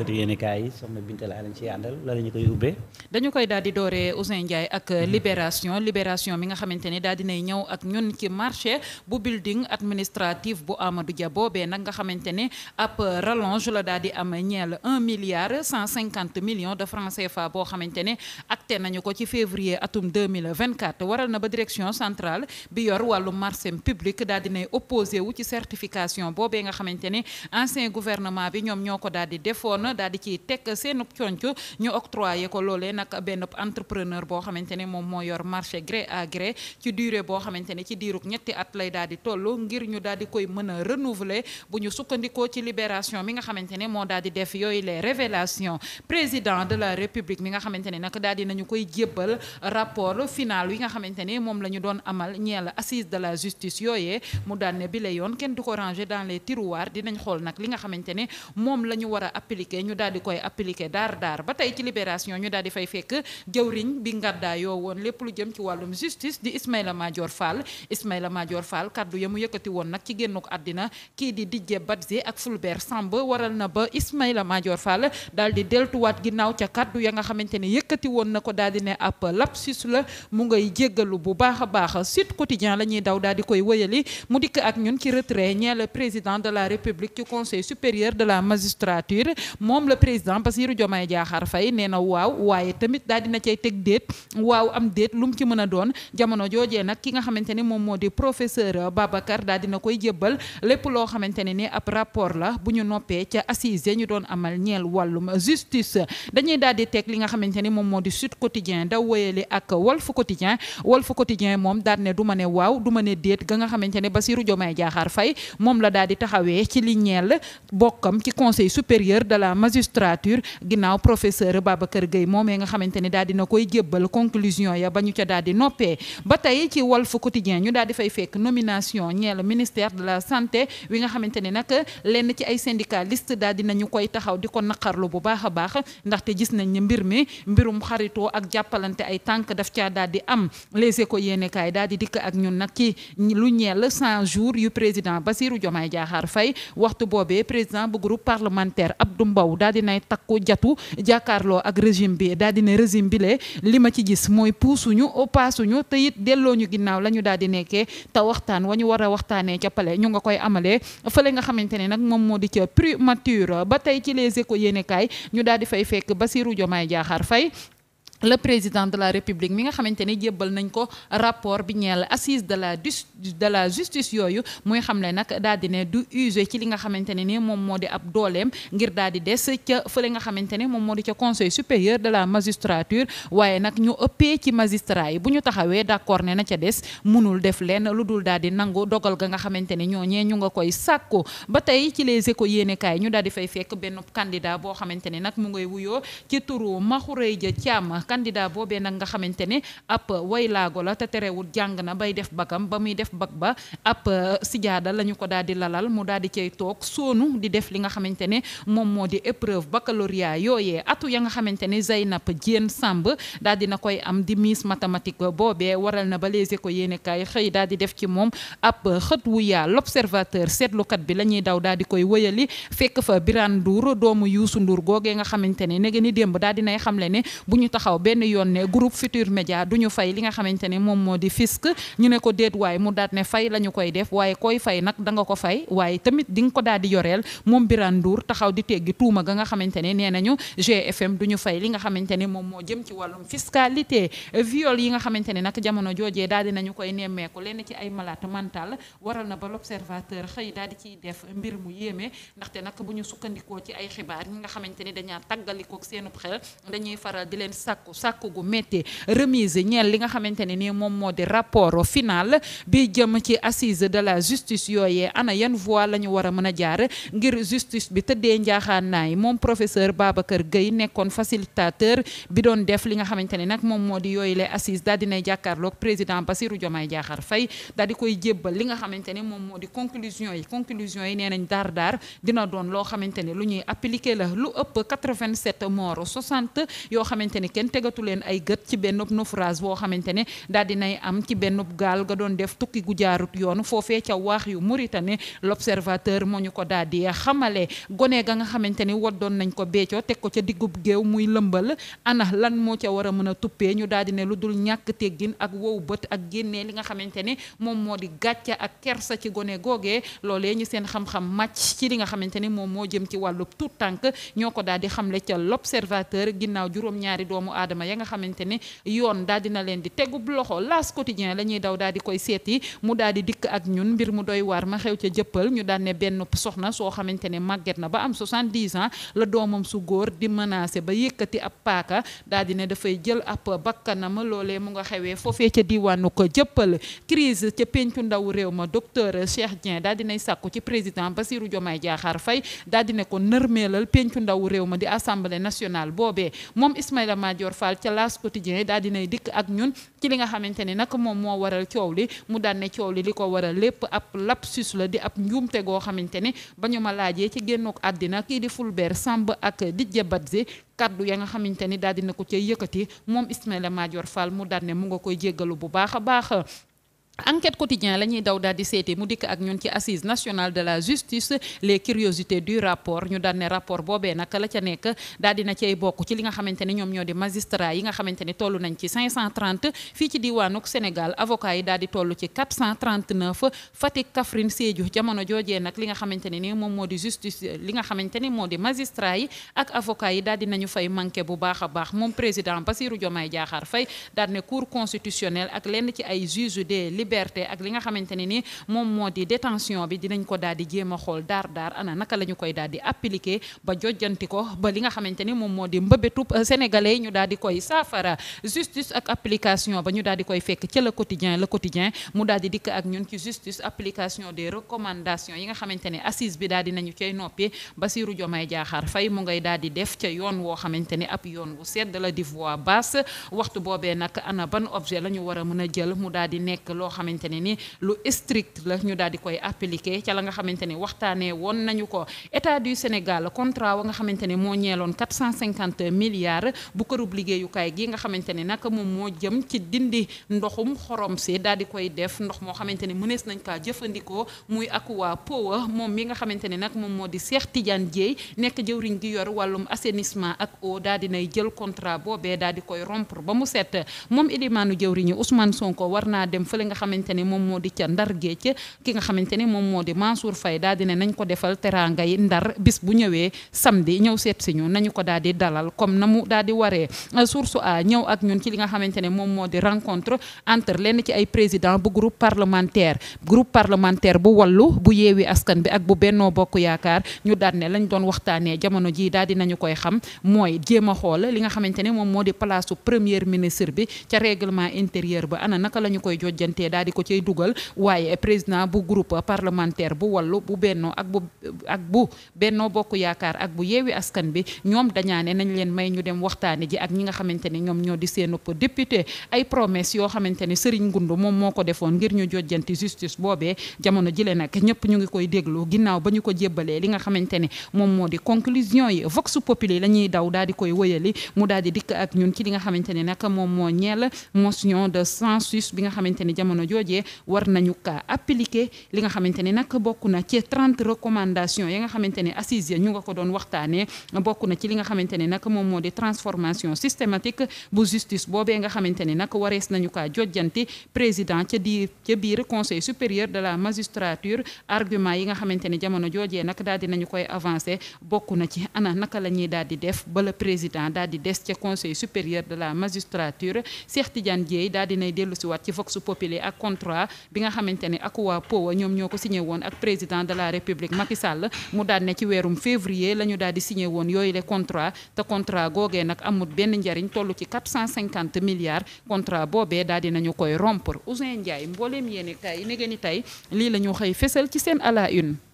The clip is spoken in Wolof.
xëtu yéenekaay yi soxna Binta la lañ ciy àndal loolu ñu koy ubbee. dañu koy daal di dooree Ousin Ndiaye ak Libération Libération mi nga xamante ne daal dinay ñëw ak ñun ci marché bu building administratif bu Amadou Dia boobee nag nga xamante ne ab rallonge la daal di am ñeel milliard cent de francs CFA boo xamante ne acté nañu ko ci février atum deux waral na ba direction centrale bi yor wàllu marché public daal dinay opposé ci certification boobee nga xamante yoon daal di ciy teg seen conco ñu ko loolee nag benn entrepreneur boo xamante ne moom moo yor marché gré à gré ci boo xamante ne ci diirug ñetti at lay daal di toll ngir ñu daal di koy mën a renouveler bu ñu sukkandikoo ci libération mi nga xamante ne moo daal di def yooyu les révélations président de la république mi nga xamante ne nag daal di nañu koy jébbal rapport final yi nga xamante ne moom la ñu doon amal ñeel assise de la justice la yoon kenn du ko ranger dans les tiroirs dinañ xool nag li a appliquer ñu daal di koy appliqué daar daar ba tey ci libération ñu daal di fay fekk jëwriñ bi ngaddaa yoo woon lépp lu jëm ci wàllum justice di Ismaïla Madior Fall Ismaïla Madior Fall kaddu ya mu yëkkati woon nag ci génnuk àddina kii di Didier Badji ak Fulbert Sambou waral na ba Ismaïla Madior Fall daal di deltuwaat ginnaaw ca kaddu ya nga xamante ni yëkkati woon na ko daal di ne ab lapsus la mu ngay jéggalu bu baax a baax Sud Quotidien la ñuy daw daal di koy wëyali mu dikk ak ñun ci retrait ñeel président de la République ci conseil supérieur de la magistrature moom la président Bassirou Diomaye Diakhar Faye nee na waaw waaye tamit daal dina cay teg déet waaw am déet lu mu ci mën a doon jamono joojee nag ki nga xamante ni moom moo di professeur Babacar daal dina koy jébbal lépp loo xamante ne ni ab rapport la bu ñu noppee ca assise ñu doon amal ñeel wàllum justice dañuy daal di teg li nga xamante ni moom moo di Sud Quotidien da woyale ak Walf Quotidien Walf Quotidien moom daal ne du ma ne waaw du ma ne déet ga nga xamante ne Bassirou Diomaye Diakhar Faye moom la daal di taxawee ci li ñeel bokkam ci conseil supérieur de la magistrature ginnaaw professeur Babacar Gueye moomee nga xamante ni daal dina koy jébbal conclusion ya ba ñu ca daal di noppee ba tey ci Walf Quotidien ñu daal di fay fekk nomination ñeel ministère de la santé wi nga xamante ni nag lenn ci ay syndicaliste daal dinañu koy taxaw di ko naqarlu bu baax a baax ndaxte gis nañ ne mbir mi mbirum xarito ak jàppalante ay tànk def ca daal di am les ko yéenekaay daal di dikk ak ñun nag ci lu ñeel 100 jours yu président Bassirou Diomaye Diakhar Faye waxtu boobee président Mbow daal di nay takku jatu jàkkaarloo ak régime bi daal di ne régime bi lee li ma ci gis mooy puusuñu paasuñu te it delloo ñu ginnaaw la ñu daal di nekkee te waxtaan wa ñu war a waxtaanee ca pale ñu nga koy amalee fële nga xamante ne nag moom moo di ca primature ba tey ci les échos yéene ñu daal di fay fekk Bassirou Diomaye Diakhar fay le président de la république mi nga xamante ni jébbal nañ ko rapport bi ñeel assise de la de la justice yooyu muy xamle nag daal di ne du usé ci li nga xamante ne ni moom moo di ab dooleem daal di des ca fële nga xamante ne moom moo di ca conseil supérieur de la magistrature waaye nag ñu ëppee ci magistrat yi bu ñu taxawee d'accord ne na ca des munul def lenn lu dul daal di nangu dogal ga nga xamante ne ñooñee ñu nga koy sàkko ba tey ci les échos yéenekaay ñu daal di fay fekk benn candidat boo xamante ne nag mu ngay wuyoo ci turu Mahoureye Dia Thiam candidat boobee nag nga xamante ne ab waylaago la te terewul jàng na bay def bagam ba muy def bag ba ab euh, sijaada lañu ko daal di lalal mu daal di cay toog soonu di def li nga xamante ne moom moo di épreuve baccalauréat yooyee atu ya nga xamante ne Zaynab Diène Samb daal di na koy am di miss mathématique boobe waral na ba Les ko yéenekaay xëy daal di def ci moom ab xët wu yaa l'observateur seetlukat bi la ñuy daw daal di koy wëyali fekk fa Birane Ndour doomu Youssou Ndour googee nga xamante ne nege ni démb daal di nay xamle ne bu ñu taxaw benn yoon ne groupe Futur Média du ñu fay li nga xamante ne moom moo di fisc ñu ne ko déet waay mu daat ne fay lañu koy def waaye koy fay nag danga ko fay waaye tamit dinga nga ko daal di yoreel moom Birane Ndour taxaw di teggi tuuma ga nga xamante ne nee nañu GFM du ñu fay li nga xamante ne moom moo jëm ci wàllum fiscalité viole yi nga xamante ne nag jamono joojee daal di nañu koy nemmeeku lenn ci ay malade mental waral na ba l'observateur xëy daal di ciy def mbir mu yéeme ndaxte nag bu ñu sukkandikoo ci ay xibaar ñi nga xamante ne dañaa tàggalikook seenub xel dañuy sàkku sàkku gu métti remise ñeel li nga xamante ne nii moom moo di rapport final bi jëm ci assise de la justice yooyee ana yan voie la ñu a mën a jaar ngir justice bi tëddee njaaxaanaay moom professeur Babacar Gueye nekkoon facilitateur bi doon def li nga xamante ne nag moom moo di yooyu les assises daal dinay jàkkaarloog président Bassirou Diomaye Diakhar Faye daal di koy jébbal li nga xamante ne moom moo di conclusion yi conclusion yi nee nañ daar daar ne lu ñuy appliquer la lu ëpp 87 morts tegatu leen ay gët ci benn naufrage boo xamante ne daal dinay am ci benn gaal ga doon def tukki gu jaarut yoon foofee ca waax yu Mauritanie l'observateur moo ñu ko daal di xamale gone ga nga xamante ni woddoon nañ ko beecoo teg ko ca diggub géew muy lëmbal ana lan moo ca war a mën a tuppee ñu daal di ne lu dul ñàkk teggin ak wow bët ak génnee li nga xamante ne moom moo di gàcca ak kersa ci gone googee loolee ñu seen xam-xam màcc ci li nga xamante ni moom moo jëm ci wàllu tout tànk ñoo ko daal di xamle ca l'observateur ginnaaw juróom-ñaari doomu aadama ya nga xamante ne yoon daal dina leen di tegub loxo laas quotidien la ñuy daw daal di koy seeti mu daal di dikk ak ñun mbir mu doy waar ma xew ca jëppal ñu daal ne benn soxna soo xamante ne màgget na ba am 70 ans la doomam su góor di menacé ba yëkkati ab paaka daal di ne dafay jël ab bakkanam loolee mu nga xewee foofee ca diwaanu ko jëppal crise ca pencu ndaw réew ma docteur Cheikh Dieng daal dinay sàkku ci président Bassirou Diomaye Diakhar Faye daal di ne ko nërmeelal pencu ndaw réew ma di assemblée nationale boobee moom Ismaïla Madior Major Fall ca L'As Quotidien daal dinay dikk ak ñun ci li nga xamante ne nag moom moo waral coow li mu daan ne coow li li ko waral lépp ab lapsus la di ab njuumte goo xamante ne ba ma laajee ci génnuk àddina kii di fulbeer Samb ak Didier Badji kaddu ya nga xamante ni daal dina ko cay yëkkati moom Ismaïla Madior Fall mu daan mu nga koy jéggalu bu baax a baax enquête quotidien la ñuy daw daal di seeti mu dikk ak ñun ci assise nationale de la justice les curiosités du rapport ñu daal ne rapport boobee nag la ca nekk daal dina cay bokk ci li nga xamante ne ñoom ñoo di magistrat yi nga xamante ne toll nañ ci 530 fii ci diwaanuk Sénégal avocat yi daal di toll ci 439 Fatick Kaffrine Sédhiou jamono joojee nag li nga xamante ne ni moom moo di justice li nga xamante ni moo di magistrat yi ak avocat yi daal dinañu fay manqué bu baax a baax moom président Bassirou Diomaye Diakhar Faye daal ne cour constitutionnelle ak lenn ci liberté ak li nga xamante ne ni moom moo di détention bi dinañ ko daal di jéem a xool daar daar ana naka la ñu koy daal di appliquer ba jojjanti ko ba li nga xamante ni moom moo di mbëbëtub sénégalais ñu daal di koy saafara justice ak application ba ñu daal di koy fekk ca le quotidien le quotidien mu daal di dikk ak ñun ci justice application des recommandation yi nga xamante ne assise bi daal di nañu cay noppi Bassirou Diomaye Diakhar fay mu ngay daal di def ca yoon woo xamante ne ab yoon wu sedd la di voix basse waxtu boobee nag ana ban objet la ñu war a mën a jël xamante ne ni lu strict la ñu daal di koy appliqué ca la nga xamante ne waxtaanee woon nañu ko état du Sénégal contrat wa nga xamante ne moo ñeeloon 450 milliards bu kërub liggéeyukaay gi nga xamante ne nag moom moo jëm ci dindi ndoxum xorom si daal di koy def ndox moo xamante ne mënees nañ kaa jëfandikoo muy Aqua Power moom mi nga xamante ne nag moom moo di seex Tidiane Dieye nekk jëwriñ gi yor wàllum assainissement ak eau daal nay jël contrat boobee daal koy rompre ba mu set moom ilimaanu jëwriñu Ousmane Sonko war naa dem fële nga xamante ni moom moo di ca ndar géej ki nga xamante ni moom moo di Mansour Faye daal di ne nañ ko defal teraanga yi ndar bis bu ñëwee samedi ñëw seet si ñu nañu ko daal di dalal comme na mu daal di waree source a ñëw ak ñun ci li nga xamante ne moom moo di rencontre entre lenn ci ay président bu groupe parlementaire groupe parlementaire bu wallu bu yeewi askan bi ak bu bennoo bokk yaakaar ñu daal ne lañ doon waxtaanee jamono ji daal di nañu koy xam mooy jéem a xool li nga xamante ne moom moo di place su premier ministre bi ca règlement intérieur ba ana naka la ñu koy jojjantee daal di ko cay dugal waaye président bu groupe parlementaire bu wallu bu bennoo ak bu ak bennoo bokk yaakaar ak bu yeewi askan bi ñoom dañaane nañ leen may ñu dem waxtaane ji ak ñi nga xamante ne ñoom ñoo di seen ëpp député ay promesse yoo xamante ne Serigne Ngoundou moom moo ko defoon ngir ñu jojjanti justice boobee jamono jile nag ñëpp ñu ngi koy déglu ginnaaw ba ñu ko jébbalee li nga xamante ne moom moo di conclusion yi vox populi la ñuy daw daal di koy wëyali mu daal di dikk ak ñun ci li nga xamante ne nag moom moo ñeel jamono joojee war nañu kaa appliquer li nga xamante ne nag bokk na ci yi nga xamante ne assise ñu nga ko doon waxtaanee bokk na ci li nga xamante ne nag moom moo di transformation systématique bu justice boobee nga xamante ni nag warees nañu kaa jojjanti président ca di ca biir conseil supérieur de la magistrature argument yi nga xamante ni jamono joojee nag daal di nañu koy avancé bokk na ci ana naka la ñuy daal di def ba président daal di des ca conseil supérieur de la magistrature Cheikh Tidiane Dieye daal nay dellu ak contrat bi nga xamante ne Aqua Power ñoom ñoo ko signé woon ak président de la république Macky Sall mu daal ne ci weerum février la ñu daal di signé woon yooyu le contrat te contrat googee nag amul benn njariñ toll ci 450 milliards contrat boobee daal di nañu koy rompre Ousseyn Ndiaye mbooleem yéen kay ne ni tey lii la ñu xëy fesal ci seen à la une.